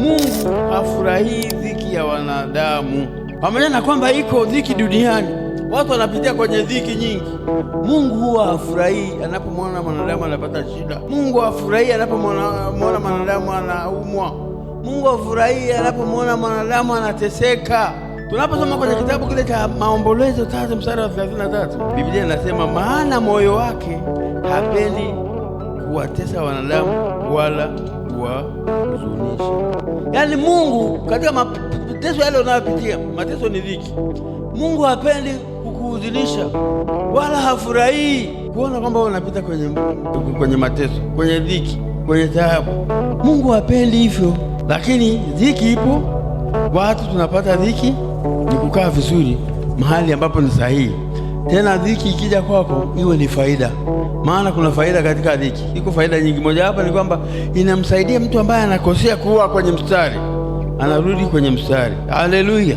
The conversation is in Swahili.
Mungu hafurahii dhiki ya wanadamu. Pamoja na kwamba iko dhiki duniani, watu wanapitia kwenye dhiki nyingi, Mungu huwa hafurahii anapomwona mwanadamu anapata shida. Mungu hafurahii anapomwona mwanadamu anaumwa. Mungu hafurahii anapomwona mwanadamu anateseka. Tunaposoma kwenye kitabu kile cha Maombolezo tatu mstari wa 33, Biblia inasema maana moyo wake hapendi kuwatesa wanadamu wala kuwahuzunisha. Yaani Mungu katika mateso yale unayopitia, mateso ni dhiki, Mungu hapendi kukuudhilisha wala hafurahii kuona kwamba unapita kwenye, kwenye mateso, kwenye dhiki, kwenye taabu. Mungu hapendi hivyo, lakini dhiki ipo. Watu tunapata dhiki, ni kukaa vizuri mahali ambapo ni sahihi. Tena dhiki ikija kwako iwe ni faida, maana kuna faida katika dhiki. Iko faida nyingi, moja hapa ni kwamba inamsaidia mtu ambaye anakosea kuwa kwenye mstari, anarudi kwenye mstari. Haleluya!